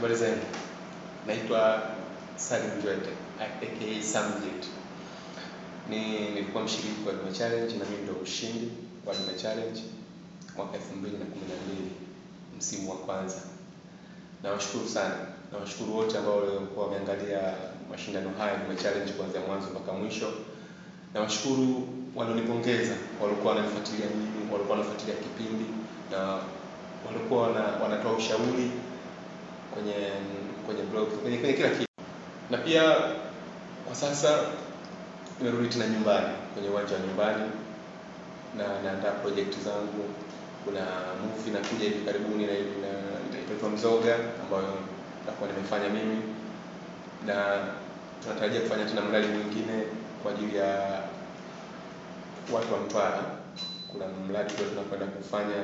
Habari zenu, naitwa Salim Jwete aka Samjit. Ni nilikuwa mshiriki wa Dume Challenge na mimi ndo mshindi wa Dume Challenge mwaka 2012 msimu wa kwanza. Nawashukuru sana, nawashukuru wote ambao walikuwa wameangalia mashindano haya Dume Challenge kuanzia mwanzo mpaka mwisho. Nawashukuru walionipongeza, walikuwa wananifuatilia mimi, walikuwa wanafuatilia kipindi na walikuwa wanatoa ushauri kwenye kwenye blog kwenye, kwenye kila kitu na pia kwa sasa nimerudi tena nyumbani kwenye uwanja wa nyumbani na naandaa projekti zangu kuna movie nakuja hivi karibuni na itaitwa mzoga ambayo nakuwa nimefanya mimi na tunatarajia kufanya tena mradi mwingine kwa ajili ya watu wa mtwara kuna mradi tunakwenda kufanya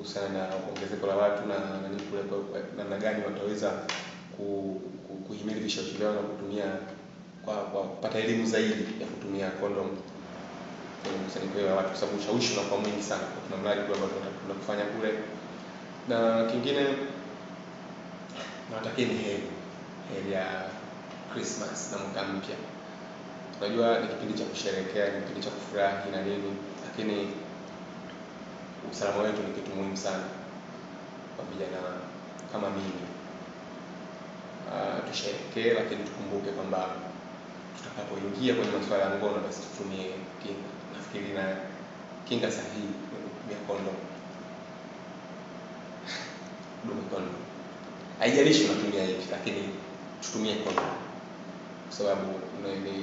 kuhusiana na ongezeko la watu na namna gani wataweza kuhimili vishawishi vyao na kutumia kwa kwa kupata elimu zaidi ya kutumia kondom kwenye mkusanyiko ya watu, kwa sababu ushawishi unakuwa mwingi sana. kuna mradi kule ambao kufanya kule, na kingine nawatakia ni heri heri ya Christmas na mwaka mpya. Unajua ni kipindi cha kusherehekea, ni kipindi cha kufurahi na nini, lakini usalama wetu ni kitu muhimu sana kwa vijana kama mimi. Ah, tusherekee, lakini tukumbuke kwamba tutakapoingia kwenye masuala ya ngono, basi tutumie kinga. Nafikiri na kinga sahihi ya kondo kondomu. haijalishi unatumia hivi, lakini tutumie kondo kwa sababu ni,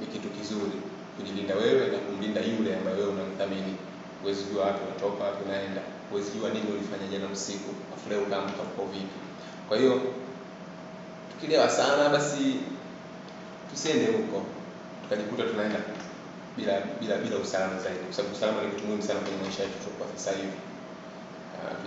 ni kitu kizuri kujilinda wewe na kumlinda yule ambaye wewe unamthamini huwezi jua wapi umetoka, wapi unaenda, huwezi jua nini ulifanya jana usiku, afurahi leo ukaamka uko vipi. Kwa hiyo tukilewa sana, basi tusiende huko, tukajikuta tunaenda bila bila bila usalama zaidi, kwa sababu usalama ni kitu muhimu sana kwenye maisha yetu kwa sasa hivi. Ah,